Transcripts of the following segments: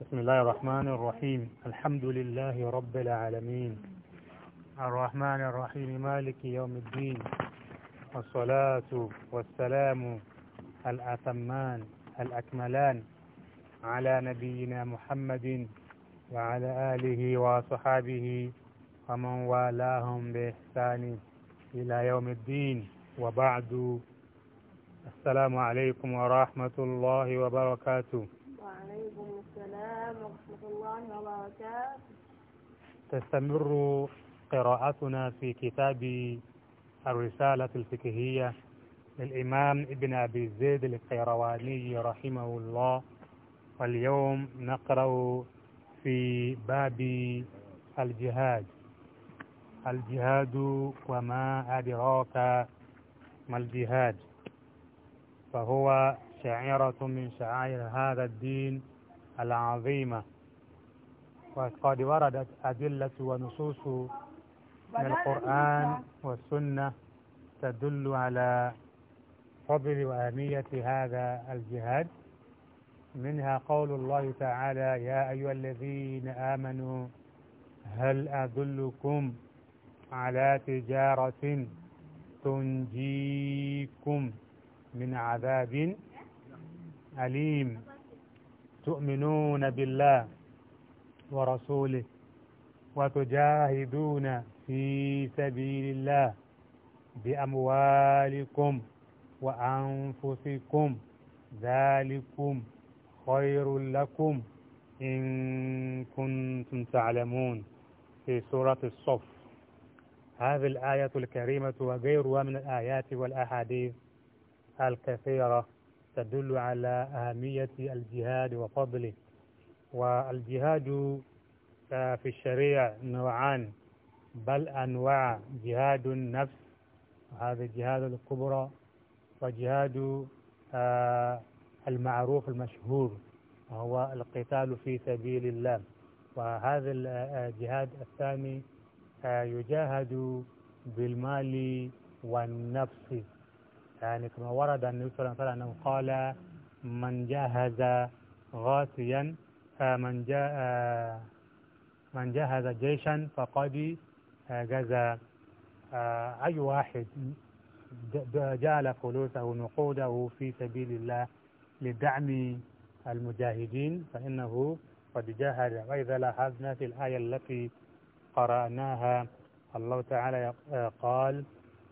بسم الله الرحمن الرحيم الحمد لله رب العالمين الرحمن الرحيم مالك يوم الدين والصلاة والسلام الأتمان الأكملان على نبينا محمد وعلى آله وصحابه ومن والاهم بإحسان إلى يوم الدين وبعد السلام عليكم ورحمة الله وبركاته السلام ورحمة الله وبركاته تستمر قراءتنا في كتاب الرسالة الفقهية للإمام ابن أبي زيد القيرواني رحمه الله واليوم نقرأ في باب الجهاد الجهاد وما أدراك ما الجهاد فهو شعيرة من شعائر هذا الدين العظيمة وقد وردت أدلة ونصوص من القرآن والسنة تدل على فضل وأهمية هذا الجهاد منها قول الله تعالى يا أيها الذين آمنوا هل أدلكم على تجارة تنجيكم من عذاب أليم تؤمنون بالله ورسوله وتجاهدون في سبيل الله بأموالكم وأنفسكم ذلكم خير لكم إن كنتم تعلمون في سورة الصف هذه الآية الكريمة وغيرها من الآيات والأحاديث الكثيرة تدل على أهمية الجهاد وفضله والجهاد آه، في الشريعة نوعان بل أنواع جهاد النفس هذا الجهاد الكبرى وجهاد آه، المعروف المشهور وهو القتال في سبيل الله وهذا الجهاد آه، الثاني يجاهد بالمال والنفس يعني كما ورد أن النبي صلى الله عليه وسلم قال من جهز غاسيا فمن جاء آه، من جهز جيشا فقد آه، جزى آه، أي واحد جعل فلوسه نقوده في سبيل الله لدعم المجاهدين فإنه قد جاهد وإذا لاحظنا في الآية التي قرأناها الله تعالى قال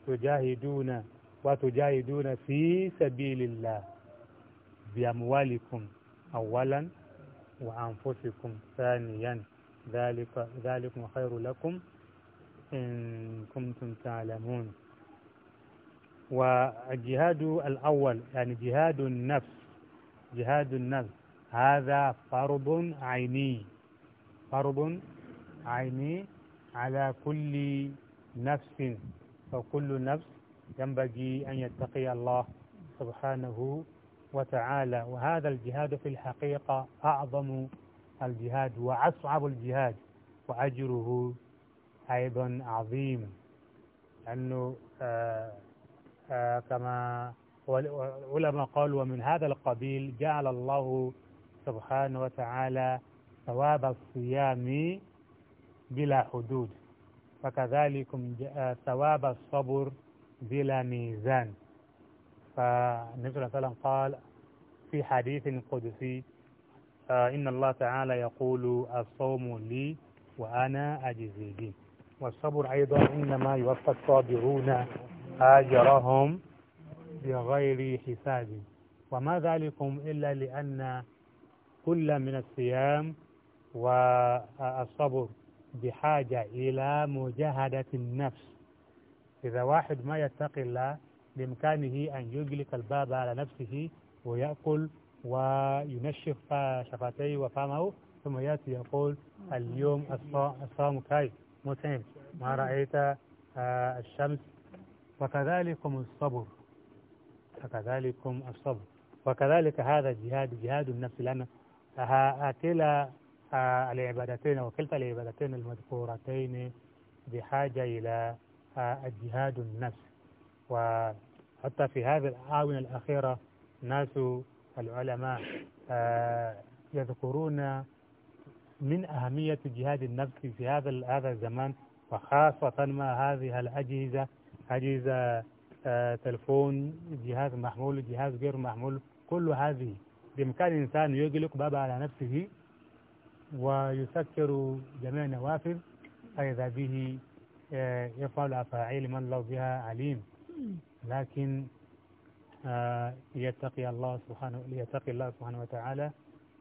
تجاهدون وتجاهدون في سبيل الله بأموالكم أولا وأنفسكم ثانيا ذلك ذلكم خير لكم إن كنتم تعلمون والجهاد الأول يعني جهاد النفس جهاد النفس هذا فرض عيني فرض عيني على كل نفس فكل نفس ينبغي أن يتقي الله سبحانه وتعالى وهذا الجهاد في الحقيقة أعظم الجهاد وأصعب الجهاد وأجره أيضا عظيم أنه آه آه كما العلماء قالوا ومن هذا القبيل جعل الله سبحانه وتعالى ثواب الصيام بلا حدود فكذلك آه، ثواب الصبر بلا ميزان فالنبي صلى الله عليه وسلم قال في حديث قدسي إن الله تعالى يقول الصوم لي وأنا أجزي به والصبر أيضا إنما يوفى الصابرون أجرهم بغير حساب وما ذلكم إلا لأن كل من الصيام والصبر بحاجة إلى مجاهدة النفس إذا واحد ما يتقي الله بإمكانه أن يغلق الباب على نفسه ويأكل وينشف شفتيه وفمه ثم يأتي يقول اليوم الصوم كيف متعب ما رأيت آه، الشمس وكذلكم الصبر وكذلكم الصبر وكذلك هذا الجهاد جهاد النفس لأن كلا آه، العبادتين وكلتا العبادتين المذكورتين بحاجة إلى جهاد النفس وحتى في هذه الآونة الأخيرة ناس العلماء آه، يذكرون من أهمية جهاد النفس في هذا هذا الزمان وخاصة مع هذه الأجهزة أجهزة آه، تلفون جهاز محمول جهاز غير محمول كل هذه بإمكان الإنسان يغلق باب على نفسه ويسكر جميع النوافذ فإذا به آه، يفعل أفاعيل من الله بها عليم لكن آه، يتقي الله سبحانه يتقي الله سبحانه وتعالى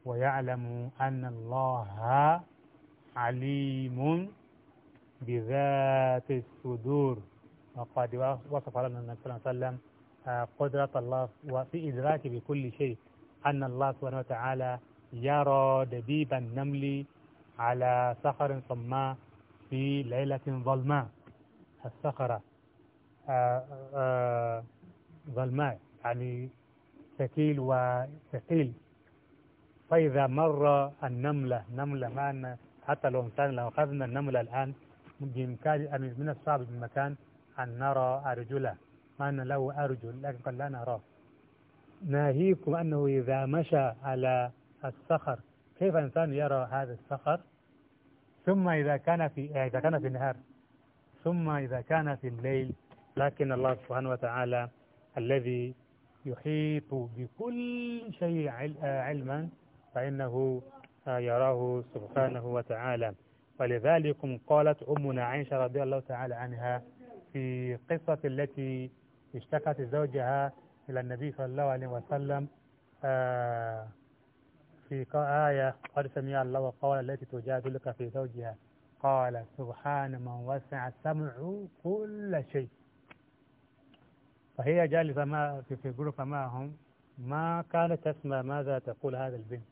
ويعلم أن الله عليم بذات الصدور وقد وصف لنا النبي صلى الله عليه وسلم آه، قدرة الله وفي إدراك بكل شيء أن الله سبحانه وتعالى يرى دبيب النمل على صخر صماء في ليلة ظلماء الصخرة آه، آه، ظلماء يعني ثقيل وثقيل فإذا مر النملة نملة معنا حتى لو كان لو أخذنا النملة الآن بإمكان أن من الصعب المكان أن نرى أرجله مع أن له أرجل لكن قد لا نراه ناهيكم أنه إذا مشى على الصخر كيف إنسان يرى هذا الصخر ثم إذا كان في آه، إذا كان في النهار ثم إذا كان في الليل لكن الله سبحانه وتعالى الذي يحيط بكل شيء آه، علما فإنه آه، يراه سبحانه وتعالى ولذلك قالت أمنا عائشة رضي الله تعالى عنها في قصة التي اشتكت زوجها إلى النبي صلى الله عليه وسلم آه في آية قد سمع الله قول التي تجادلك في زوجها قال سبحان من وسع السمع كل شيء فهي جالسة ما في في جروب معهم ما كانت تسمع ماذا تقول هذا البنت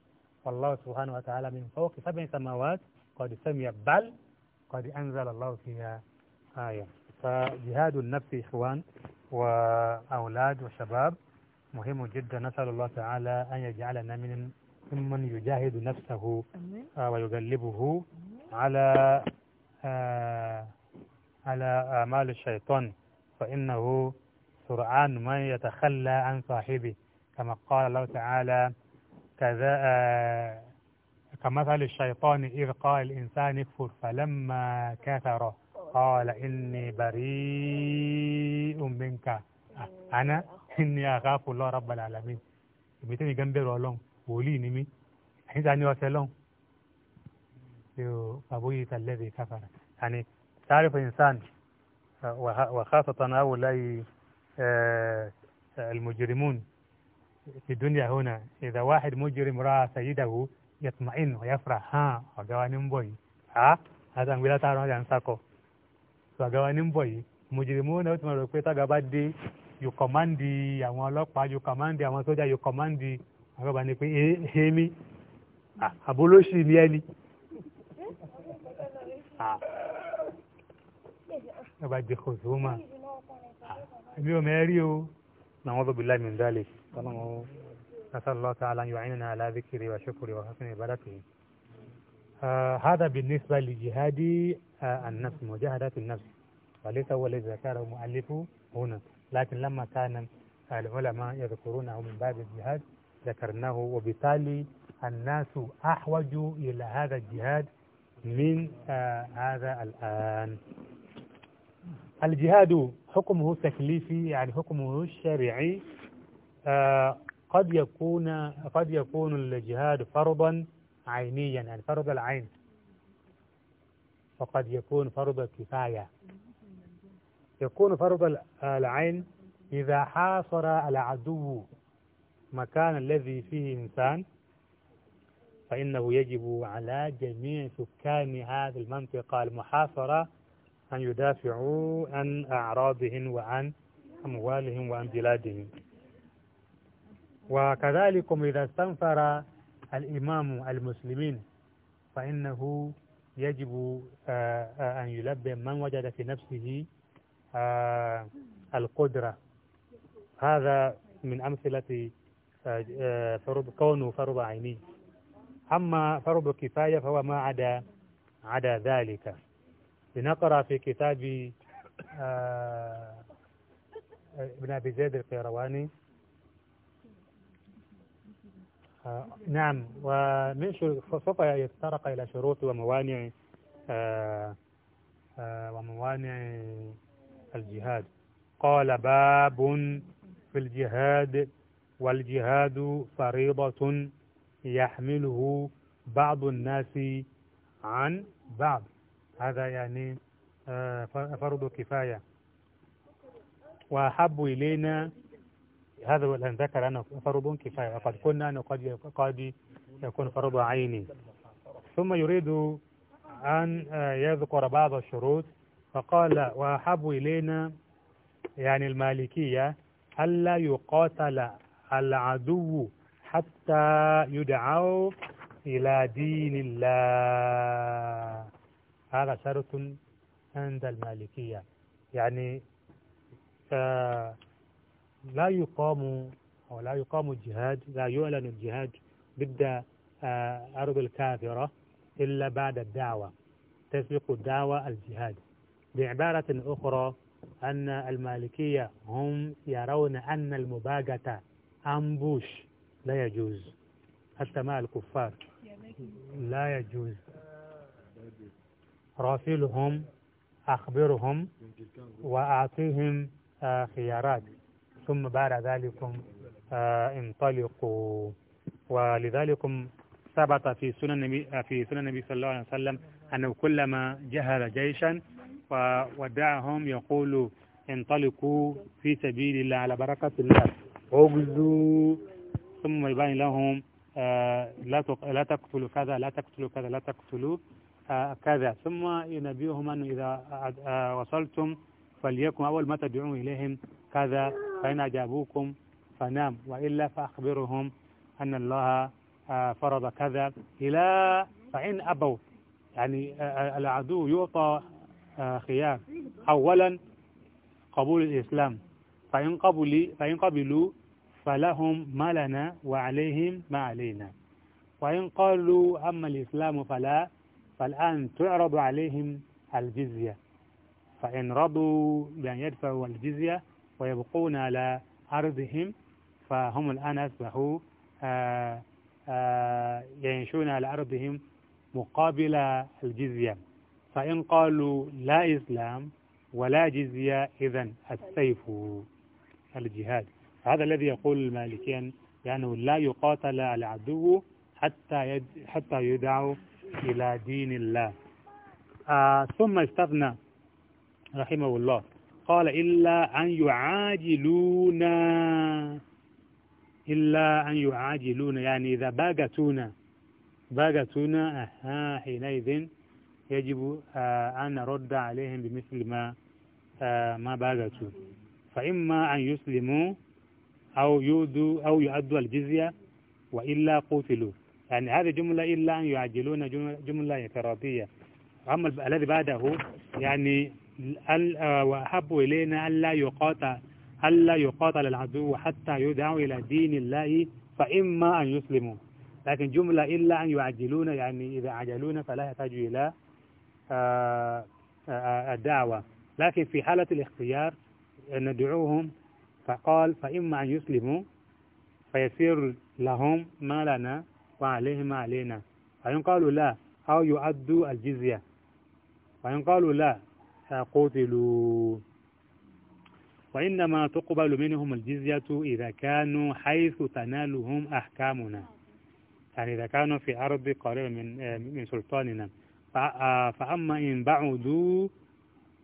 والله سبحانه وتعالى من فوق سبع سماوات قد سمع بل قد أنزل الله فيها آية فجهاد النفس إخوان وأولاد وشباب مهم جدا نسأل الله تعالى أن يجعلنا من ممن يجاهد نفسه آه، ويغلبه على آه، على أعمال الشيطان فإنه سرعان ما يتخلى عن صاحبه كما قال الله تعالى كذا آه، كمثل الشيطان إذ قال الإنسان اكفر فلما كفر قال إني بريء منك أنا إني أخاف الله رب العالمين ibi جنبي رولون wòlíì ni mí ẹ̀yin ta ni ọ̀sẹ̀ lọ́hùn yóò àbúyí ìtàlẹ́bẹ̀ káfàrà àní sáré fún ìsàn wàhásọ̀tàn àwòláyé المجرمون في الدنيا هنا إذا واحد مجرم رأى سيده يطمئن ويفرح ها وقواني مبوي ها هذا نقول تعالى هذا نساكو وقواني مبوي مجرمون أو تمرقوا تغبادي يكماندي يا مولوك يكماندي يا مولوك يكماندي àbábà ni pé èmi àbólóṣì ni ẹni àbá jẹ kò tó mà èmi ò mẹ́rí o làwọn tó bí láì mìíràn dálé tọ́lá wọn nasallahu ta'ala an yu'inana ala dhikri wa shukri wa husni ibadati هذا بالنسبة لجهاد النفس مجاهدة النفس وليس هو الذي ذكره المؤلف هنا لكن لما كان العلماء يذكرونه من باب الجهاد ذكرناه وبالتالي الناس أحوج إلى هذا الجهاد من آه هذا الآن الجهاد حكمه تكليفي يعني حكمه الشرعي آه قد يكون قد يكون الجهاد فرضا عينيا يعني فرض العين وقد يكون فرض الكفاية يكون فرض العين إذا حاصر العدو مكان الذي فيه إنسان فإنه يجب على جميع سكان هذه المنطقة المحاصرة أن يدافعوا عن أعراضهم وعن أموالهم وعن بلادهم وكذلك إذا استنفر الإمام المسلمين فإنه يجب آه، آه، أن يلبي من وجد في نفسه آه، القدرة هذا من أمثلة آه، فرب كونه فرض عيني أما فرض كفاية فهو ما عدا عدا ذلك لنقرأ في كتاب آه، ابن أبي زيد القيرواني آه، نعم ومن سوف يتطرق إلى شروط وموانع وموانع الجهاد قال باب في الجهاد والجهاد فريضة يحمله بعض الناس عن بعض هذا يعني آه، فرض كفاية وأحب إلينا هذا الذي ذكر أنه فرض كفاية وقد قلنا أنه قد قد يكون فرض عيني ثم يريد أن آه، يذكر بعض الشروط فقال وأحب إلينا يعني المالكية ألا يقاتل العدو حتى يدعوا إلى دين الله هذا شرط عند المالكية يعني آه، لا يقام أو لا يقام الجهاد لا يعلن الجهاد ضد آه، أرض الكافرة إلا بعد الدعوة تسبق الدعوة الجهاد بعبارة أخرى أن المالكية هم يرون أن المباغتة أمبوش لا يجوز حتى مع الكفار لا يجوز راسلهم أخبرهم وأعطيهم آه، خيارات ثم بعد ذلك آه، انطلقوا ولذلك ثبت في سنن النبي في سنن النبي صلى الله عليه وسلم أنه كلما جهل جيشا ودعهم يقول انطلقوا في سبيل الله على بركة الله اغزوا ثم يبين لهم آه، لا لا تقتلوا كذا لا تقتلوا كذا لا تقتلوا آه، كذا ثم ينبئهم أنه إذا آه، وصلتم فليكن أول ما تدعون إليهم كذا فإن أجابوكم فنام وإلا فأخبرهم أن الله فرض كذا إلى فإن أبوا يعني العدو يعطى خيار أولا قبول الإسلام فإن قبلوا فإن قبلوا فلهم ما لنا وعليهم ما علينا وإن قالوا أما الإسلام فلا فالآن تعرض عليهم الجزية فإن رضوا بأن يدفعوا الجزية ويبقون على أرضهم فهم الآن أصبحوا آه، آه، يعيشون على أرضهم مقابل الجزية فإن قالوا لا إسلام ولا جزية إذا السيف الجهاد هذا الذي يقول المالكيان يعني لا يقاتل العدو حتى يد حتى يدعو إلى دين الله آه ثم استثنى رحمه الله قال إلا أن يعاجلونا إلا أن يعاجلونا يعني إذا باقتونا باقتونا آه حينئذ يجب آه أن نرد عليهم بمثل ما آه ما باقتوا فإما أن يسلموا أو يؤدوا أو يؤدوا الجزية وإلا قتلوا يعني هذه جملة إلا أن يعجلون جملة اعتراضية أما الذي بعده يعني آه، وأحب إلينا ألا يقاتل ألا يقاتل العدو حتى يدعوا إلى دين الله فإما أن يسلموا لكن جملة إلا أن يعجلون يعني إذا عجلون فلا يحتاج إلى الدعوة آه، آه، لكن في حالة الاختيار ندعوهم فقال فإما أن يسلموا فيصير لهم ما لنا وعليهم ما علينا فإن قالوا لا أو يؤدوا الجزية وإن قالوا لا قتلوا وإنما تقبل منهم الجزية إذا كانوا حيث تنالهم أحكامنا يعني إذا كانوا في أرض قريبة من من سلطاننا آه، فأما إن بعدوا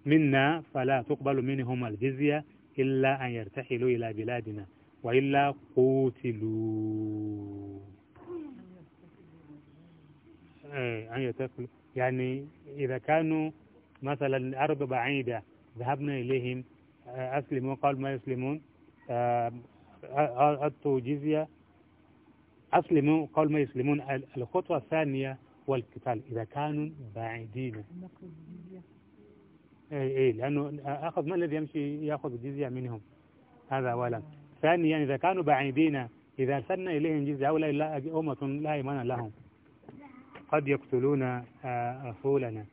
منا فلا تقبل منهم الجزية إلا أن يرتحلوا إلى بلادنا وإلا قوتلوا إيه، أن يعني إذا كانوا مثلا أرض بعيدة ذهبنا إليهم آه، أسلموا قالوا ما يسلمون آه، آه، أعطوا جزية أسلموا قالوا ما يسلمون الخطوة الثانية والقتال إذا كانوا بعيدين اي اي لانه اخذ ما الذي يمشي ياخذ الجزيه منهم هذا اولا ثانيا يعني اذا كانوا بعيدين اذا ارسلنا اليهم جزيه هؤلاء لا امه لا ايمان لهم قد يقتلون رسولنا آه،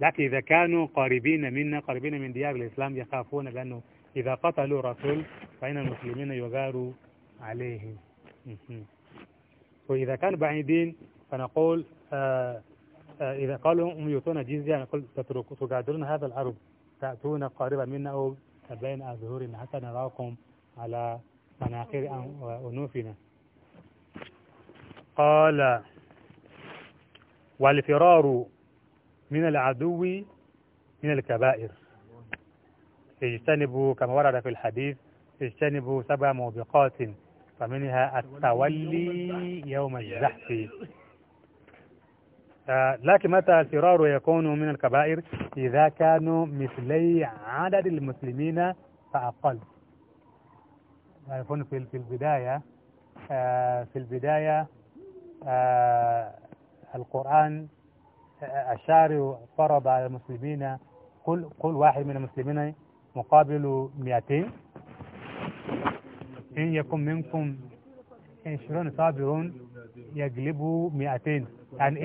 لكن إذا كانوا قريبين منا قريبين من ديار الإسلام يخافون لأنه إذا قتلوا رسول فإن المسلمين يغاروا عليهم وإذا كانوا بعيدين فنقول آه آه، إذا قالوا هم يؤتون جزية يعني نقول تتركوا تغادرون هذا العرض تأتون قاربا منا أو بين ظهورنا حتى نراكم على مناخير أنوفنا قال والفرار من العدو من الكبائر اجتنبوا كما ورد في الحديث اجتنبوا سبع موبقات فمنها التولي يوم الزحف آه، لكن متى الفرار يكون من الكبائر إذا كانوا مثلي عدد المسلمين فأقل يكون في في البداية آه، في البداية آه، القرآن الشارع فرض على المسلمين كل كل واحد من المسلمين مقابل 200 إن يكن منكم 20 صابرون يجلبه 200 يعني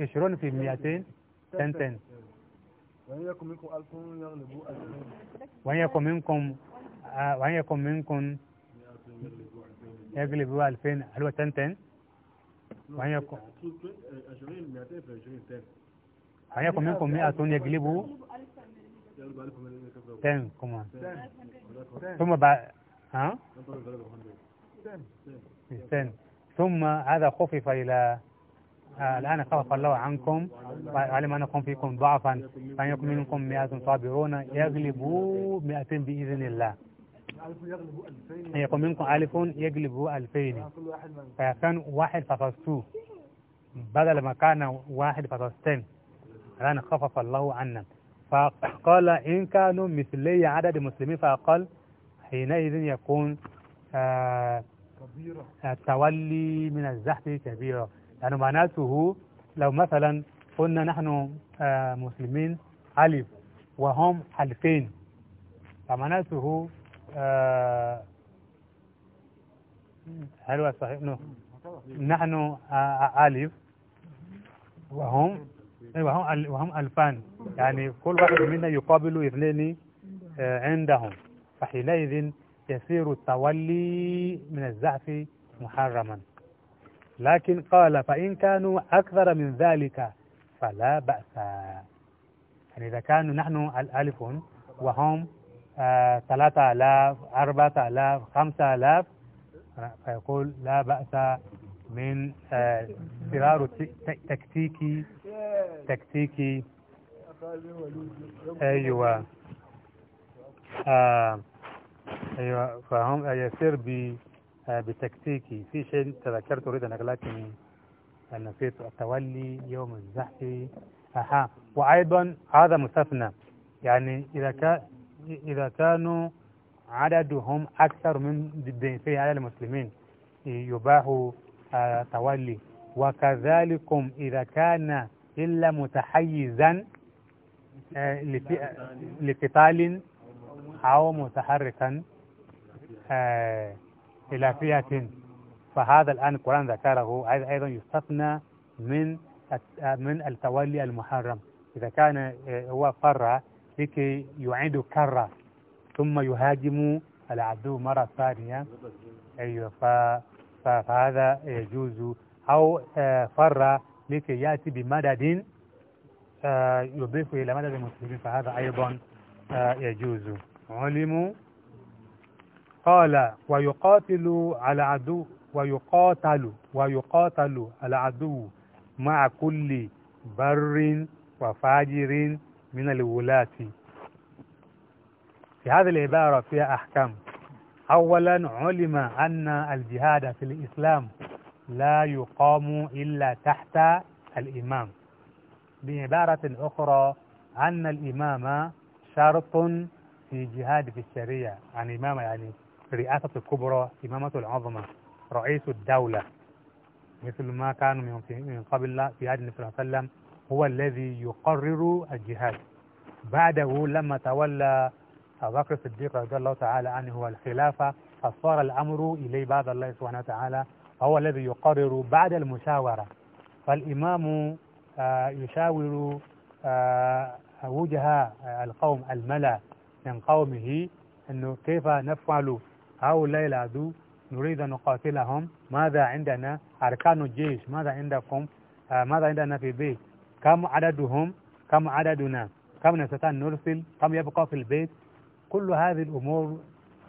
20 في 200 10 وإن يكن منكم 1000 يغلبوا 2000 وإن يكن منكم آه، وإن يكن منكم يغلبوا 2000 هل هو سنتين؟ وإن يكن وإن يكن منكم 100 يغلبوا تن كمان ثم بعد ها؟ 10 ثم هذا خفف إلى آه، الآن خفف الله عنكم وعلم أنكم فيكم ضعفا فإن يكن منكم مئة صابرون يغلبوا مئتين بإذن الله يكون منكم ألف يغلبوا ألفين فكان واحد فصلتو بدل ما كان واحد فصلتين الآن خفف الله عنا فقال إن كانوا مثلي عدد المسلمين فأقل حينئذ يكون آه التولي من الزحف كبيرة يعني معناته لو مثلا قلنا نحن آه، مسلمين ألف وهم ألفين فمعناته آه، هل هو صحيح؟ نو. نحن آه، ألف وهم وهم أيوة، وهم ألفان يعني كل واحد منا يقابل اثنين عندهم فحينئذ يصير التولي من الزعف محرما لكن قال فإن كانوا أكثر من ذلك فلا بأس يعني إذا كانوا نحن الألف وهم آه، ثلاثة آلاف أربعة آلاف خمسة آلاف فيقول لا بأس من آه، فرار تكتيكي تكتيكي أيوة آه أيوة فهم آه، يسير ب آه، بتكتيكي في شيء تذكرت أريد أن لكن آه، نسيت التولي يوم الزحف أها وأيضا هذا مستثنى يعني إذا كان إذا كانوا عددهم أكثر من ضعفي على المسلمين يباح تولي وكذلكم إذا كان إلا متحيزا لقتال أو متحركا خلافية فهذا الآن القرآن ذكره أيضا يستثنى من من التولي المحرم إذا كان آه، هو فر لكي يعيد كرة ثم يهاجم العدو مرة ثانية أيوة فهذا يجوز أو فر آه، لكي يأتي بمدد آه، يضيف إلى مدد المسلمين فهذا أيضا يجوز علموا قال ويقاتل على عدو ويقاتل ويقاتل العدو مع كل بر وفاجر من الولاة في هذه العبارة فيها أحكام أولا علم أن الجهاد في الإسلام لا يقام إلا تحت الإمام بعبارة أخرى أن الإمام شرط في جهاد في الشريعة عن إمام يعني الرئاسة الكبرى إمامة العظمى رئيس الدولة مثل ما كان من قبل في عهد النبي صلى الله عليه وسلم هو الذي يقرر الجهاد بعده لما تولى أبو بكر الصديق رضي الله تعالى عنه الخلافة فصار الأمر إليه بعد الله سبحانه وتعالى هو الذي يقرر بعد المشاورة فالإمام آه، يشاور آه، وجهاء آه، القوم الملا من قومه أنه كيف نفعل هؤلاء العدو نريد أن نقاتلهم ماذا عندنا أركان الجيش ماذا عندكم آه ماذا عندنا في البيت كم عددهم كم عددنا كم نستطيع أن نرسل كم يبقى في البيت كل هذه الأمور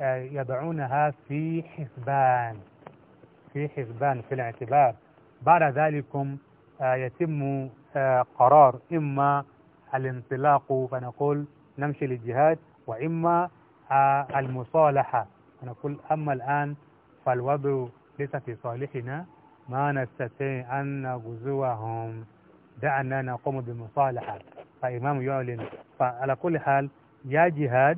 آه يضعونها في حسبان في حسبان في الاعتبار بعد ذلكم آه يتم آه، قرار إما الانطلاق فنقول نمشي للجهاد وإما آه، المصالحة ونقول أما الآن فالوضع ليس في صالحنا ما نستطيع أن نغزوهم دعنا نقوم بمصالحة فإمام يعلن فعلى كل حال يا جهاد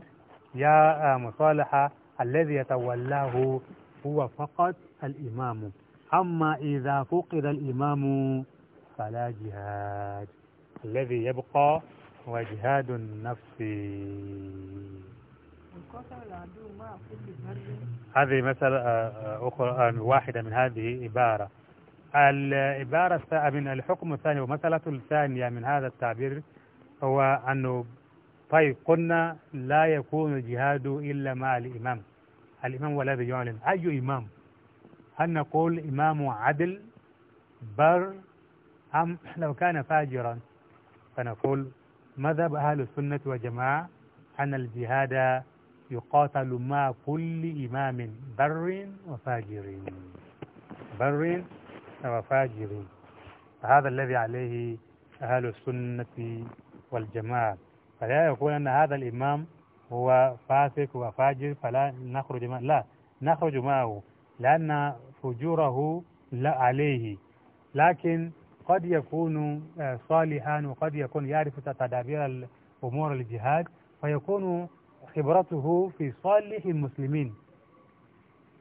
يا آه، مصالحة الذي يتولاه هو فقط الإمام أما إذا فقد الإمام فلا جهاد الذي يبقى هو جهاد النفس هذه مسألة آه، آه، أخرى آه، واحدة من هذه عبارة العبارة من الحكم الثاني ومسألة الثانية من هذا التعبير هو أنه طيب قلنا لا يكون الجهاد إلا مع الإمام الإمام هو الذي يعلن أي إمام هل نقول إمام عدل بر أم لو كان فاجرا فنقول مذهب أهل السنة وجماعة أن الجهاد يقاتل مع كل إمام بر وفاجر بر وفاجر هذا الذي عليه أهل السنة والجماعة فلا يقول أن هذا الإمام هو فاسق وفاجر فلا نخرج معه لا نخرج معه لأن فجوره لا عليه لكن قد يكون آه، صالحا وقد يكون يعرف تدابير أمور الجهاد فيكون خبرته في صالح المسلمين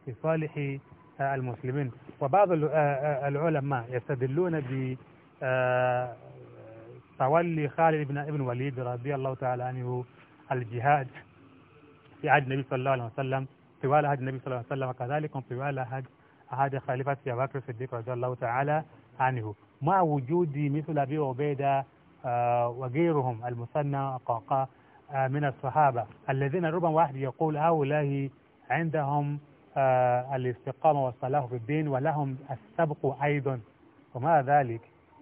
في صالح آه، المسلمين وبعض آه، آه، العلماء يستدلون ب تولي خالد بن ابن وليد رضي الله تعالى عنه الجهاد في عهد النبي صلى الله عليه وسلم طوال عهد النبي صلى الله عليه وسلم وكذلك طوال عهد عهد خليفة أبي بكر الصديق رضي الله تعالى عنه مع وجود مثل أبي عبيدة وغيرهم المثنى وقعقاع من الصحابة الذين ربما واحد يقول هؤلاء عندهم آه، الاستقامة والصلاح في الدين ولهم السبق أيضا ومع ذلك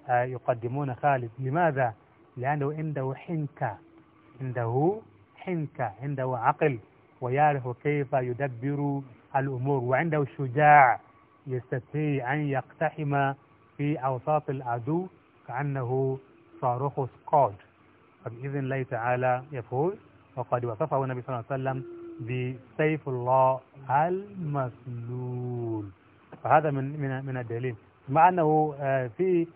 آه، يقدمون خالد لماذا؟ لأنه عنده حنكة عنده حنكة عنده عقل ويعرف كيف يدبر الأمور وعنده شجاع يستطيع أن يقتحم في أوساط العدو كأنه صاروخ سكوت فبإذن الله تعالى يفوز وقد وصفه النبي صلى الله عليه وسلم بسيف الله المسلول فهذا من من من الدليل مع أنه آه، في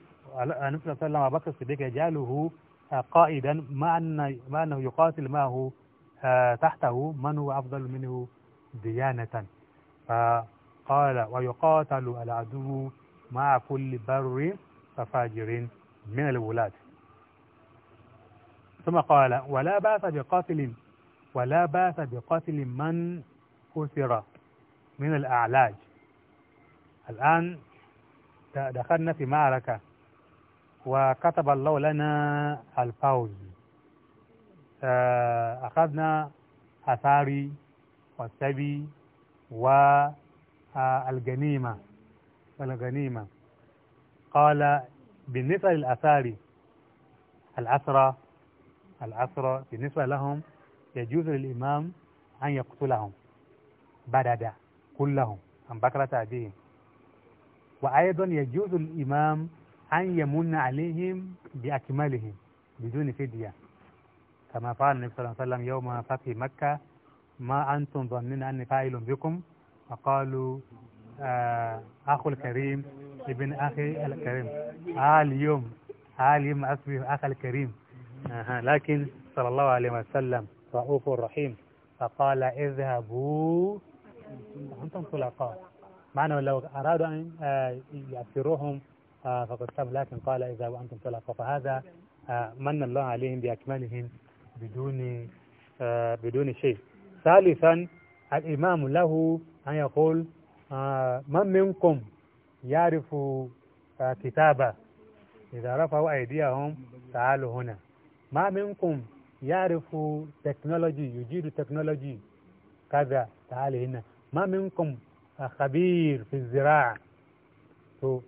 النبي صلى الله عليه وسلم أبو بكر الصديق يجعله آه، قائدا مع أن مع أنه يقاتل معه آه، تحته من هو أفضل منه ديانة فقال ويقاتل العدو مع كل بر ففاجر من الولاة ثم قال ولا بأس بقاتل ولا بأس بقاتل من كسر من الأعلاج الآن دخلنا في معركة وكتب الله لنا الفوز آه، أخذنا أثاري والسبي والغنيمة آه، والغنيمة قال بالنسبة للأثاري الأسرى العصر بالنسبة لهم يجوز للإمام أن يقتلهم بددا كلهم عن بكرة أبيهم وأيضا يجوز للإمام أن يمن عليهم بأكملهم بدون فدية كما فعل النبي صلى الله عليه وسلم يوم فتح مكة ما أنتم ظنين أني فاعل بكم فقالوا آه أخو الكريم ابن أخي الكريم آه اليوم آه اليوم أصبح أخ الكريم آه لكن صلى الله عليه وسلم رؤوف رحيم فقال اذهبوا أنتم طلقاء معنى لو أرادوا أن آه، يؤثروهم آه، فقد سب لكن قال إذا وأنتم طلقاء فهذا آه، من الله عليهم بأكملهم بدون بدون شيء ثالثا الإمام له أن يقول من منكم يعرف كتابه إذا رفعوا أيديهم تعالوا هنا ما منكم يعرف تكنولوجي يجيد تكنولوجي كذا تعال هنا ما منكم خبير في الزراعة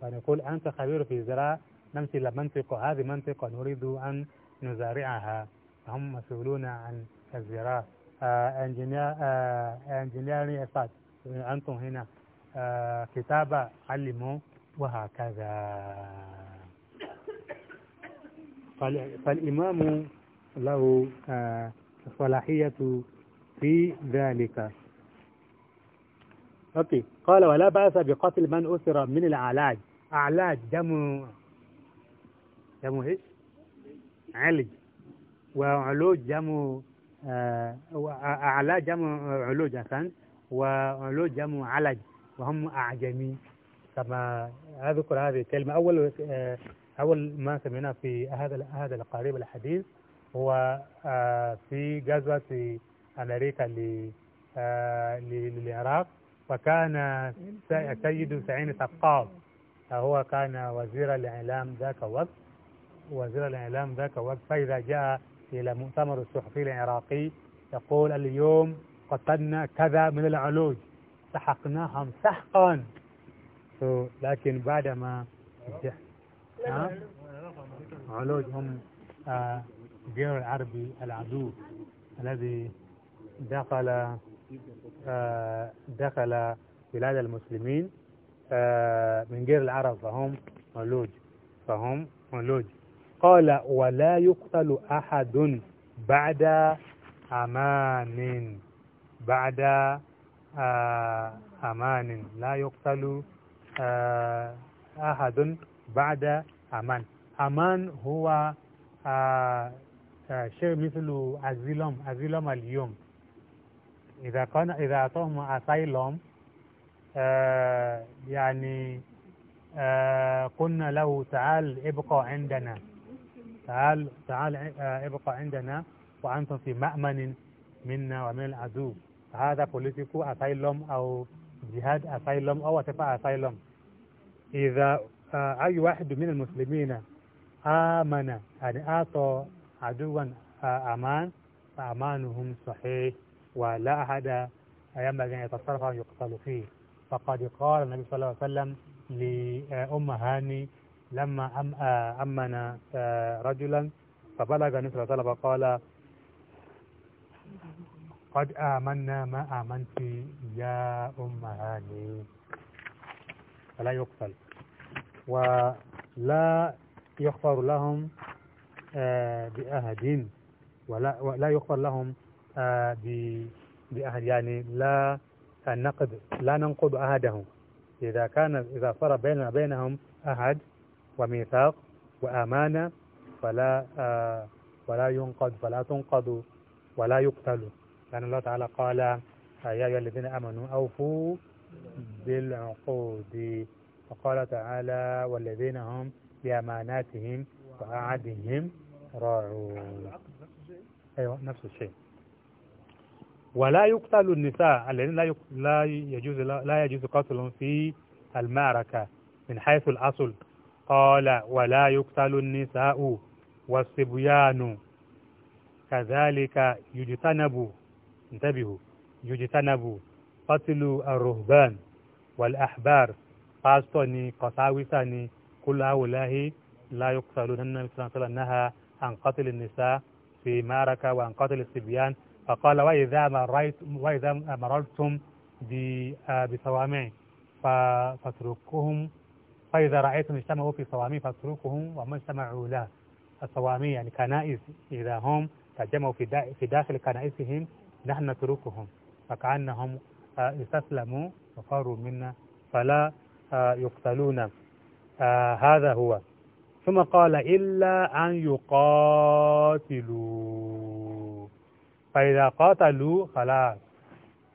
فنقول أنت خبير في الزراعة نمشي لمنطقة هذه منطقة نريد أن نزارعها هم مسؤولون عن الزراعة آه، آه، انجينيرنج اسات انتم هنا آه كتابه علموا وهكذا فالإمام له آه، صلاحية في ذلك أوكي قال ولا بأس بقتل من أسر من العلاج أعلاج دم دم إيش علج وعلوج دم آه، أعلاج دم علوج أحسن وعلوج دم علج وهم أعجمي كما أذكر هذه الكلمة أول آه، أول ما سمعناه في هذا هذا القريب الحديث هو آه، في غزوة أمريكا آه، للعراق وكان سيد سعيد ثقاف هو كان وزير الإعلام ذاك الوقت وزير الإعلام ذاك الوقت فإذا جاء إلى مؤتمر الصحفي العراقي يقول اليوم قتلنا كذا من العلوج سحقناهم سحقا لكن بعدما علوج هم آه، جير العربي العدو الذي دخل آه، دخل بلاد المسلمين آه، من غير العرب فهم علوج فهم علوج قال ولا يقتل أحد بعد أمان بعد أمان لا يقتل أحد بعد أمان أمان هو آه، آه، شيء مثل أزيلوم أزيلوم اليوم إذا كان إذا أعطوهم أسايلوم آه، يعني قلنا له تعال ابقى عندنا تعال تعال ابقى عندنا وأنتم في مأمن منا ومن العدو هذا بوليتيكو أسايلوم أو جهاد أسايلوم أو whatever أسايلوم إذا آه، أي واحد من المسلمين آمن يعني أعطى عدوا آه، أمان فأمانهم صحيح ولا أحد ينبغي أن يتصرف أو يقتل فيه فقد قال النبي صلى الله عليه وسلم لأم هاني لما آه، أمن رجلا فبلغ النبي صلى الله عليه وسلم قال قد آمنا ما آمنت يا أم هاني فلا يقتل ولا يغفر لهم آه، بأهد ولا, ولا يغفر لهم آه، بأهد يعني لا نقد لا ننقض أهدهم إذا كان إذا صار بيننا بينهم أهد وميثاق وأمانة فلا ولا آه، ينقض فلا تنقض ولا يقتل لأن الله تعالى قال يا أيها الذين آمنوا أوفوا بالعقود وقال تعالى والذين هم بأماناتهم وأعدهم راعون أيوة نفس الشيء ولا يقتل النساء الذين لا لا يجوز لا يجوز قتلهم في المعركة من حيث الأصل قال ولا يقتل النساء والصبيان كذلك يجتنب انتبهوا يجتنب قتل الرهبان والأحبار pásítọ̀ ni kọ̀sáwísà ni kólúhàwòláhì láyọ̀kọ̀sá ló nínú ìfúnnáṣọ́lá náà àǹkọ́tìlì nìṣá fi máraka wà àǹkọ́tìlì sìbíyàn fàkọ́lá wáyé dá àmàrọ́tùm bisawami fàtúrùkùhùm fáyé dára àìsàn ìṣàmà ó fi sawami fàtúrùkùhùm wà mọ́ ìṣàmà òwúlà الصوامي يعني كنائس إذا هم تجمعوا في داخل كنائسهم نحن نتركهم فكأنهم استسلموا وفاروا منا فلا يقتلون آه، هذا هو ثم قال إلا أن يقاتلوا فإذا قاتلوا خلاص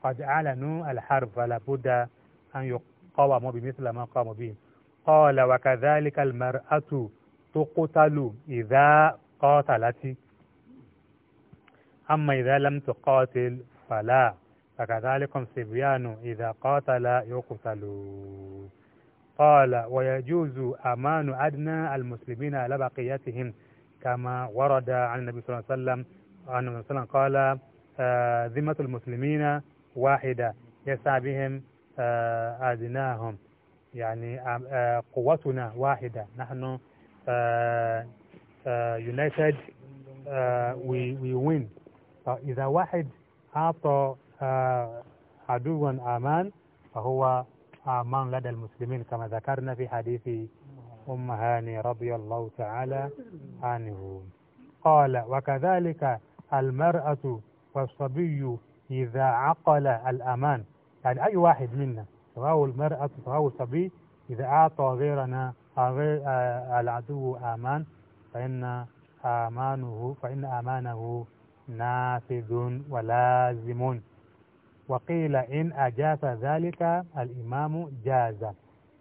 قد أعلنوا الحرب فلا بد أن يقاوموا بمثل ما قاموا به قال وكذلك المرأة تقتل إذا قاتلت أما إذا لم تقاتل فلا فكذلك الصبيان إذا قاتل يقتلون قال ويجوز أمان أدنى المسلمين على بقيتهم كما ورد عن النبي صلى الله عليه وسلم عن النبي صلى الله عليه وسلم قال آه، ذمة المسلمين واحدة يسعى بهم آه، أدناهم يعني آه، قوتنا واحدة نحن يونايتد وي وين فإذا واحد أعطى عدوا أمان فهو آمان لدى المسلمين كما ذكرنا في حديث أم هاني رضي الله تعالى عنه قال وكذلك المرأة والصبي إذا عقل الأمان يعني أي واحد منا سواء المرأة سواء الصبي إذا أعطى غيرنا غير آه، العدو أمان فإن أمانه فإن أمانه نافذ ولازم وقيل إن أجاز ذلك الإمام جاز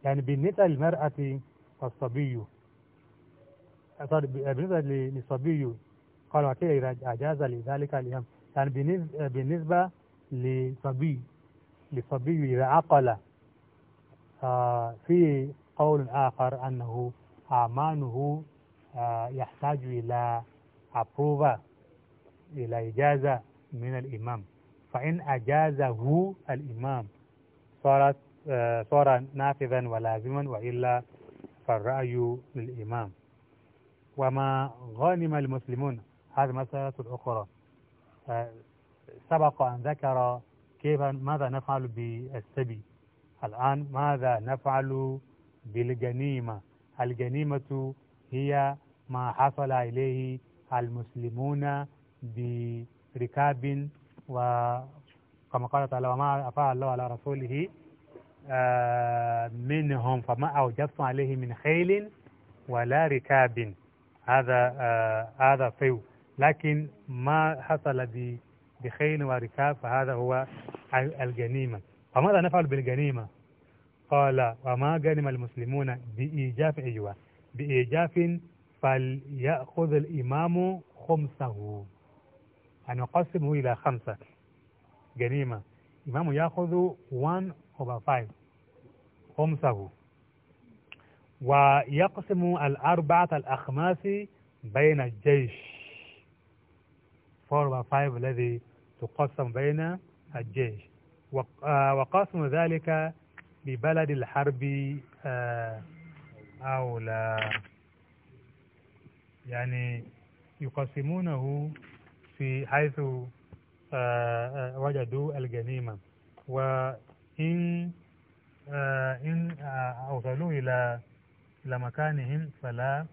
يعني بالنسبة للمرأة والصبي بالنسبة للصبي قال وقيل إذا أجاز لذلك الإمام يعني بالنسبة لصبي لصبي إذا عقل آه، في قول آخر أنه أمانه آه، يحتاج إلى approval إلى إجازة من الإمام فإن أجازه الإمام صارت آه، صار نافذا ولازما وإلا فالرأي للإمام وما غنم المسلمون هذه مسألة أخرى آه، سبق أن ذكر كيف ماذا نفعل بالسبي الآن ماذا نفعل بالجنيمة الجنيمة هي ما حصل إليه المسلمون بركاب وكما قال تعالى وما أفاء الله على رسوله آه، منهم فما أوجبتم عليه من خيل ولا ركاب هذا آه، هذا فيو لكن ما حصل بخيل وركاب فهذا هو الجنيمة فماذا نفعل بالجنيمة قال وما غنم المسلمون بإيجاف أيوة بإيجاف فليأخذ الإمام خمسه أن أقسمه إلى خمسة جريمة إمام يأخذ 1 over 5 خمسه ويقسم الأربعة الأخماس بين الجيش 4 over 5 الذي تقسم بين الجيش آه، وقسم ذلك ببلد الحرب آه، أو لا يعني يقسمونه في حيث آه، آه، وجدوا الجنيمة وإن آه، إن أوصلوا إلى إلى مكانهم فلا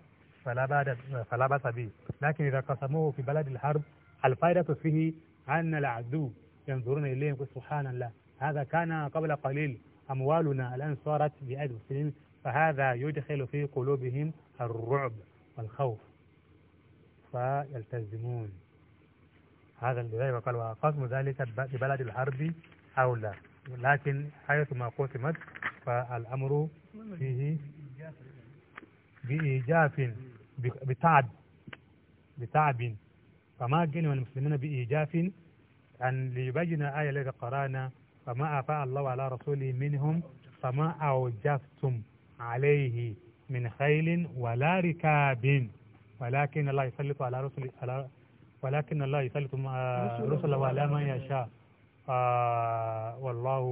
فلا بعد فلا بأس به لكن إذا قسموه في بلد الحرب الفائدة فيه أن العدو ينظرون إليهم سبحان الله هذا كان قبل قليل أموالنا الآن صارت بأيدي المسلمين فهذا يدخل في قلوبهم الرعب والخوف فيلتزمون هذا الذي وقال وقسم ذلك ببلد الحرب أولى لكن حيث ما قسمت فالأمر فيه بإيجاف بتعب بتعب فما جنوا المسلمين بإيجاف أن ليبين آية التي قرانا فما أفاء الله على رسوله منهم فما أوجفتم عليه من خيل ولا ركاب ولكن الله يسلط على رسل على ولكن الله يثلث رسله آه، ولا ما يشاء والله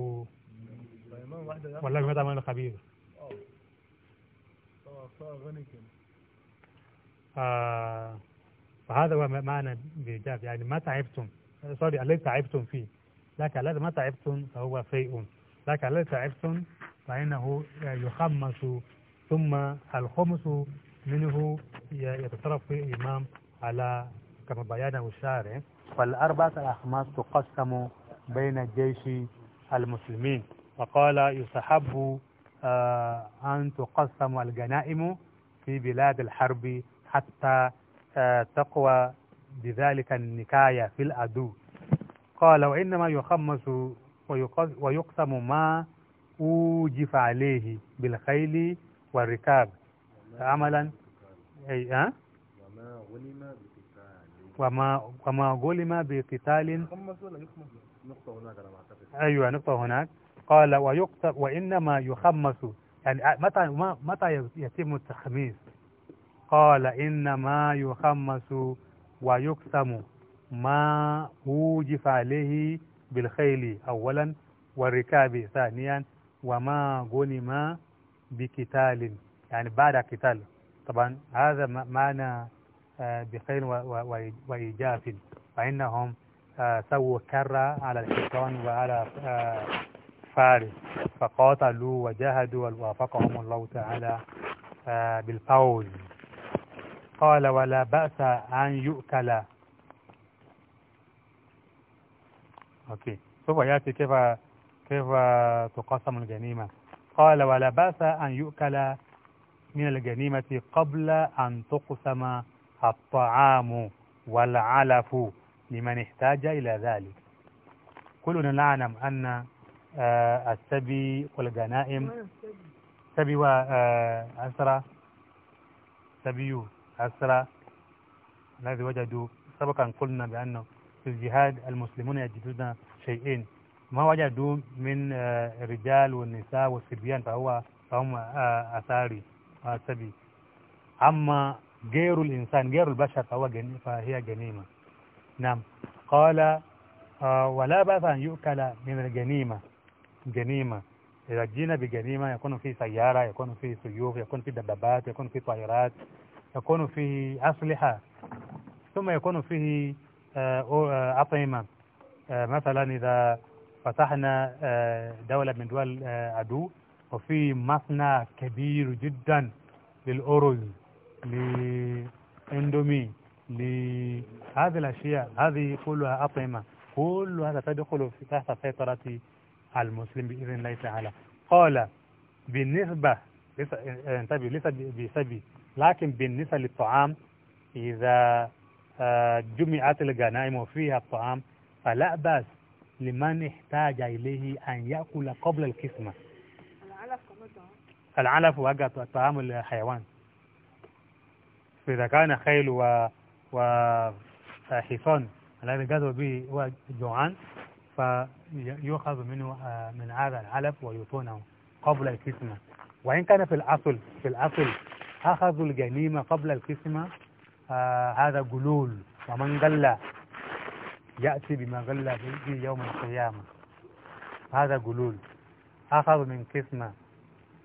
والله ماذا من خبير آه فهذا آه، آه، هو معنى بجاف يعني ما تعبتم سوري الذي تعبتم فيه لكن الذي ما تعبتم فهو شيء لكن الذي تعبتم فإنه يخمس ثم الخمس منه يتصرف في الإمام على كما بيانه الشارع فالأربعة الأخماس تقسم بين جيش المسلمين وقال يستحب آه، أن تقسم الغنائم في بلاد الحرب حتى آه، تقوى بذلك النكاية في الأدو قال وإنما يخمس ويقسم ما أوجف عليه بالخيل والركاب عملا أي أه؟ وما وما ظلم بقتال نقطة هناك أنا أعتقد أيوة نقطة هناك قال ويقتل وإنما يخمس يعني متى متى يتم التخميس قال إنما يخمس ويقسم ما وجف عليه بالخيل أولا والركاب ثانيا وما غنم بقتال يعني بعد قتال طبعا هذا معنى آه، بخير وإيجاف فإنهم آه، سووا كرة على الحصان وعلى آه، فارس فقاتلوا وجاهدوا ووافقهم الله تعالى بالفوز قال ولا بأس أن يؤكل أوكي سوف يأتي كيف كيف تقسم الجنيمة قال ولا بأس أن يؤكل من الجنيمة قبل أن تقسم الطعام والعلف لمن احتاج إلى ذلك كلنا نعلم أن آه، السبي والغنائم سبي وأسرى آه، سبي أسرى الذي وجدوا سبقا قلنا بأنه في الجهاد المسلمون يجدون شيئين ما وجدوا من آه، رجال والنساء والصبيان فهو فهم أثاري وسبي أما غير الإنسان غير البشر فهو جني فهي جنيمة نعم قال آه ولا بأس أن يؤكل من الجنيمة جنيمة إذا جينا بجنيمة يكون في سيارة يكون في سيوف يكون في دبابات يكون في طائرات يكون فيه أسلحة ثم يكون فيه آه، آه، أطعمة آه، مثلا إذا فتحنا دولة من دول عدو وفي مصنع كبير جدا للأرز لاندومي لهذه الأشياء هذه كلها أطعمة كل هذا تدخل في تحت سيطرة المسلم بإذن الله تعالى قال بالنسبة انتبه ليس بسبي لكن بالنسبة للطعام إذا آه، جمعت الغنائم وفيها الطعام فلا بأس لمن احتاج إليه أن يأكل قبل القسمة العلف وقع الطعام الحيوان فإذا كان خيل و وحصان الذي جاز به هو جوعان فيؤخذ منه آه، من هذا العلف ويطونه قبل الكسمة وإن كان في الأصل في الأصل أخذوا الجنيمة قبل القسمة آه هذا جلول ومن قل يأتي بما قل في يوم القيامة هذا جلول أخذ من قسمة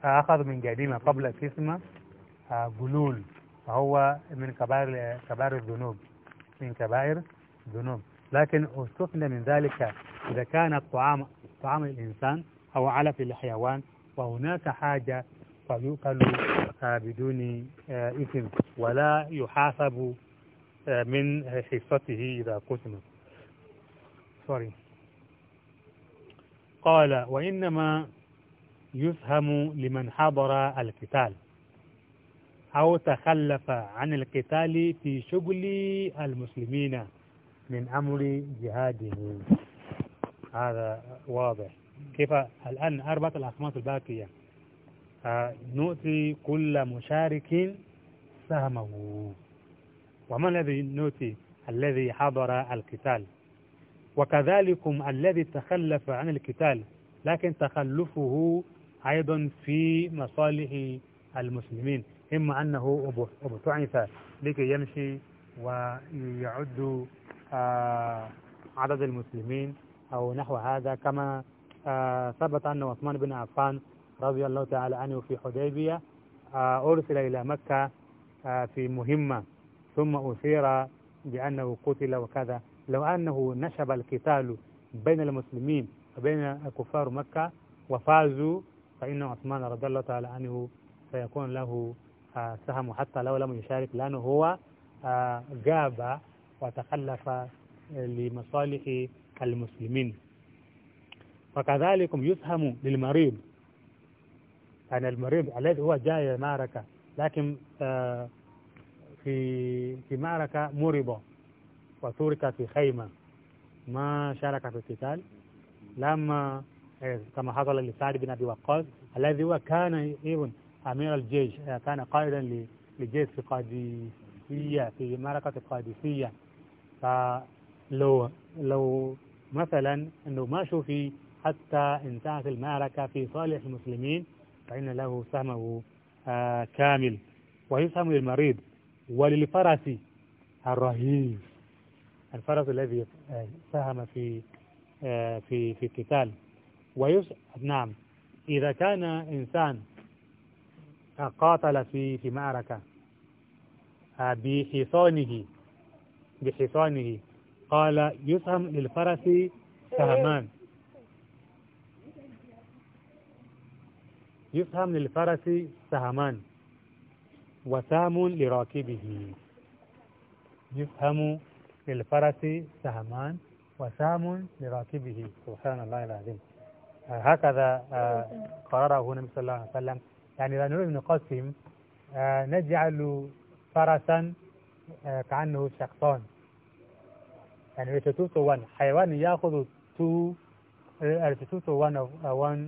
اخذوا آه، أخذ من جنيمة قبل قسمة آه جلول فهو من كبائر كبائر الذنوب من كبائر الذنوب لكن استثنى من ذلك إذا كان الطعام طعام الإنسان أو علف الحيوان وهناك حاجة فيؤكل آه، بدون آه، إثم ولا يحاسب آه، من حصته إذا قسم سوري قال وإنما يفهم لمن حضر القتال أو تخلف عن القتال في شغل المسلمين من أمر جهادهم هذا واضح كيف الآن أربعة الأخماس الباقية نؤتي كل مشارك سهمه وما الذي نؤتي الذي حضر القتال وكذلكم الذي تخلف عن القتال لكن تخلفه أيضا في مصالح المسلمين إما أنه ابتعث لكي يمشي ويعد آه، عدد المسلمين أو نحو هذا كما آه، ثبت أن عثمان بن عفان رضي الله تعالى عنه في حديبية آه، أرسل إلى مكة في مهمة ثم أثير بأنه قتل وكذا لو أنه نشب القتال بين المسلمين وبين كفار مكة وفازوا فإن عثمان رضي الله تعالى عنه سيكون له سهمه حتى لو لم يشارك لأنه هو آه، غاب وتخلف لمصالح المسلمين وكذلك يسهم للمريض يعني المريض الذي هو جاي معركة لكن آه، في في معركة مربة وترك في خيمة ما شارك في القتال لما آه، كما حصل لسعد بن أبي وقاص الذي هو كان ايضا أمير الجيش كان قائدا لجيش في قادسية في معركة القادسية فلو لو مثلا أنه ما شوفي حتى انتهت المعركة في صالح المسلمين فإن له سهمه آه، كامل ويسهم للمريض وللفرس الرهيب الفرس الذي آه، ساهم في آه، في في القتال ويس نعم إذا كان إنسان قاتل في في معركة آه، بحصانه بحصانه قال يسهم للفرس سهمان يسهم للفرس سهمان وسهم لراكبه يسهم للفرس سهمان وسهم لراكبه سبحان الله العظيم آه، هكذا آه، قرره النبي صلى الله عليه وسلم يعني إذا نريد أن نقسم آه، نجعل فرسا آه، كأنه شخصان يعني two to one حيوان يأخذ two two to one of one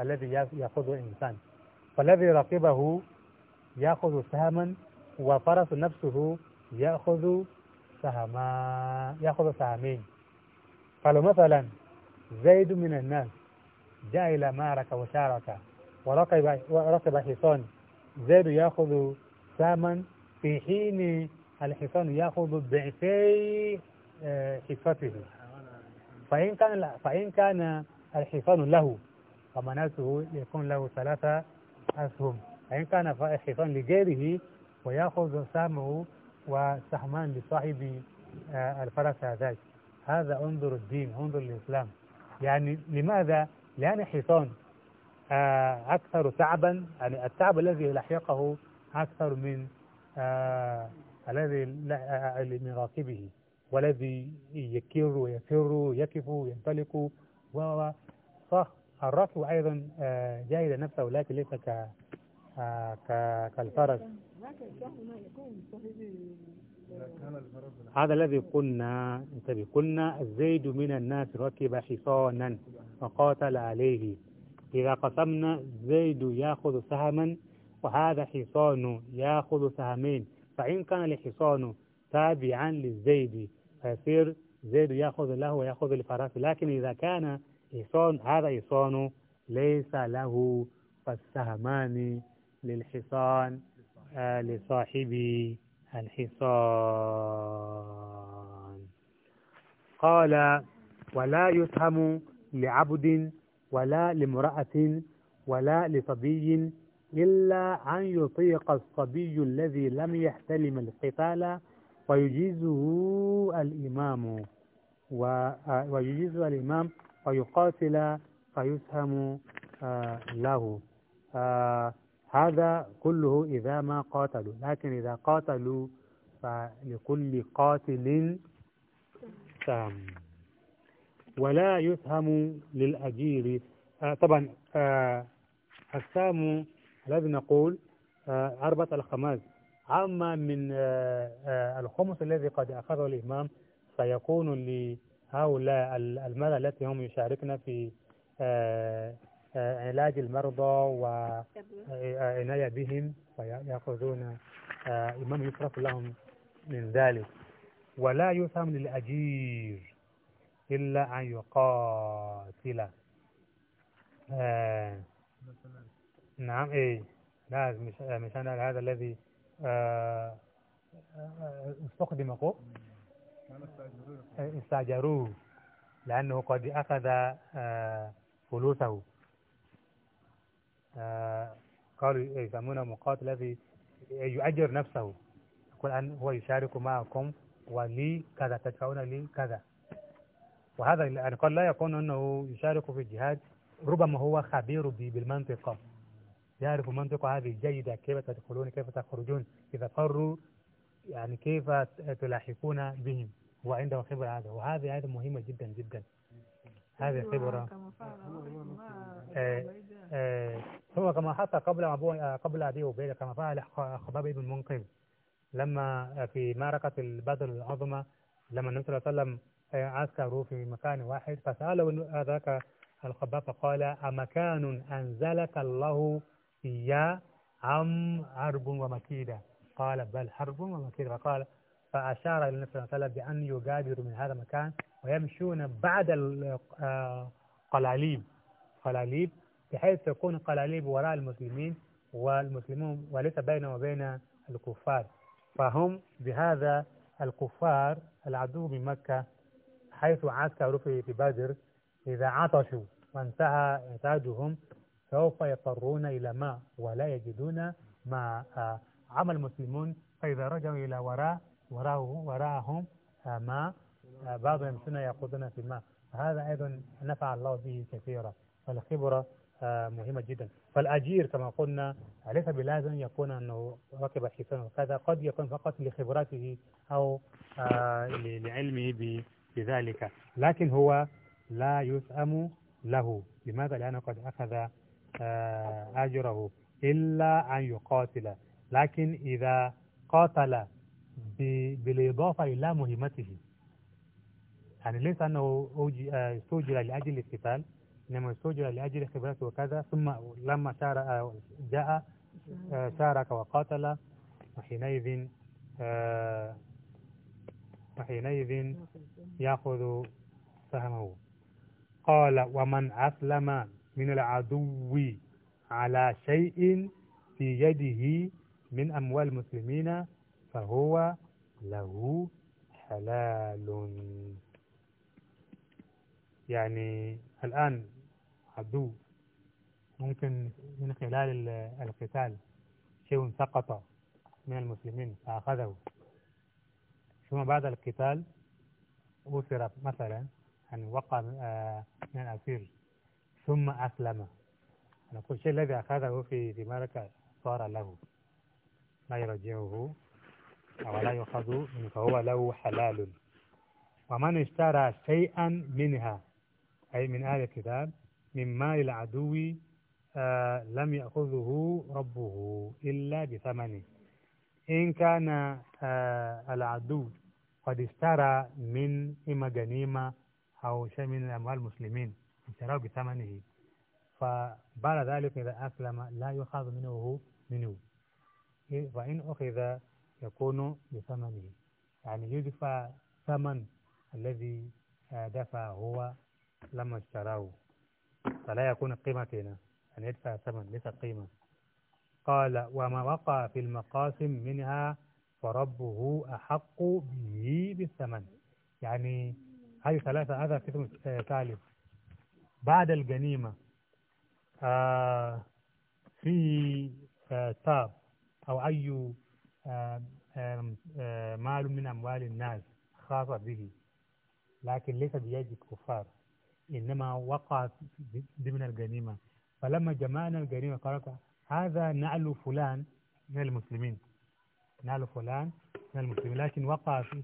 الذي يأخذ إنسان فالذي رقبه يأخذ سهما وفرس نفسه يأخذ سهما يأخذ سهمين قالوا مثلا زيد من الناس جاء إلى معركة وشارك وركب وركب حصان زيد يأخذ ساما في حين الحصان يأخذ ضعفي آه، حصته فإن كان فإن كان الحصان له فمناته يكون له ثلاثة أسهم فإن كان الحصان لغيره ويأخذ سهمه وسهمان لصاحب آه، الفرس هذاك هذا انظر الدين انظر الإسلام يعني لماذا؟ لأن الحصان آه، أكثر تعبا يعني التعب الذي لحقه أكثر من آه، الذي آه، من راكبه والذي يكر ويفر يكف ينطلق و صح الركب أيضا جاهد نفسه لكن ليس ك كالفرس هذا الذي قلنا انتبه قلنا زيد من الناس ركب حصانا فقاتل عليه إذا قسمنا زيد يأخذ سهما وهذا حصان يأخذ سهمين فإن كان الحصان تابعا للزيد فيصير زيد يأخذ له ويأخذ لفراس لكن إذا كان حصان هذا حصان ليس له فالسهمان للحصان آه، لصاحب الحصان قال ولا يسهم لعبد ولا لامرأة ولا لصبي إلا أن يطيق الصبي الذي لم يحتلم القتال ويجيزه الإمام آه، ويجيزه الإمام ويقاتل فيسهم آه، له آه، هذا كله إذا ما قاتلوا لكن إذا قاتلوا فلكل قاتل سام ولا يسهم للأجير آه طبعا آه السام الذي نقول آه عربة الخماس عما من آه، آه، الخمس الذي قد أخذه الإمام سيكون لهؤلاء المال التي هم يشاركنا في آه، علاج المرضى وعناية بهم فيأخذون إمام يصرف لهم من ذلك ولا يسهم للأجير إلا أن يقاتل آه نعم إيه لا مش مش أنا هذا الذي آه استخدم فوق آه، استأجروه لأنه قد أخذ آه فلوسه آه قالوا إيه، يسمونه مقاتل الذي يؤجر نفسه يقول أن هو يشارك معكم ولي كذا تدفعون لي كذا وهذا يعني قد لا يكون أنه يشارك في الجهاد ربما هو خبير بالمنطقة يعرف المنطقة هذه جيدة كيف تدخلون كيف تخرجون إذا فروا يعني كيف تلاحقون بهم وعنده خبرة هذا وهذه هذا مهمة جدا جدا هذه خبرة آه،, آه هو كما حتى قبل أبو آه، قبل أبي عبيدة كما فعل خباب بن منقذ لما في معركة البدر العظمى لما النبي صلى الله عليه وسلم عسكروا في مكان واحد فسألوا ذاك الخباب فقال أمكان أنزلك الله إياه أم حرب ومكيدة قال بل حرب ومكيدة فقال فأشار إلى النبي صلى الله عليه وسلم بأن يغادروا من هذا المكان ويمشون بعد القلاليب آه، قلاليب بحيث تكون قلاليب وراء المسلمين والمسلمون وليس بين وبين الكفار فهم بهذا الكفار العدو بمكة حيث عسكروا في بدر إذا عطشوا وانتهى إنتاجهم سوف يضطرون إلى ماء ولا يجدون ماء آه، عمل المسلمون فإذا رجعوا إلى وراء وراءه وراءهم آه، ماء آه، بعضهم يمشون يقودون في الماء هذا أيضا نفع الله به كثيرا فالخبرة مهمة جدا فالأجير كما قلنا ليس بلازم يكون أنه ركب حسان وكذا قد يكون فقط لخبرته أو لعلمه بذلك لكن هو لا يسأم له لماذا؟ لأنه قد أخذ آه، أجره إلا أن يقاتل لكن إذا قاتل بالإضافة إلى مهمته يعني ليس أنه آه، استوجل لأجل القتال إنما استوجل لأجل خبرته وكذا ثم لما آه، جاء شارك وقاتل وحينئذ فحينئذ يأخذ سهمه قال ومن أسلم من العدو على شيء في يده من أموال المسلمين فهو له حلال يعني الآن عدو ممكن من خلال القتال شيء سقط من المسلمين فأخذه ثم بعد القتال أسر مثلا يعني وقع آه، من الأسير ثم أسلم كل شيء الذي أخذه في في صار له لا يرجعه أو لا يؤخذ فهو له حلال ومن اشترى شيئا منها أي من آل الكتاب من مال العدو آه لم يأخذه ربه إلا بثمنه إن كان آه العدو قد اشترى من إما جنيمة أو شيء من أموال المسلمين اشتراه بثمنه فبعد ذلك إذا أسلم لا يؤخذ منه منه وإن أخذ يكون بثمنه يعني يدفع ثمن الذي دفع هو لما اشتراه فلا يكون قيمة هنا أن يعني يدفع ثمن ليس قيمة قال وما وقع في المقاسم منها فربه أحق به بالثمن يعني هذه ثلاثة هذا قسم ثالث بعد الجنيمة آه في آه تاب أو أي آه, آه، مال من أموال الناس خاصة به لكن ليس بيد الكفار إنما وقع ضمن الجنيمة فلما جمعنا الجنيمة قالت هذا نعل فلان من المسلمين نال فلان من المسلمين لكن وقع في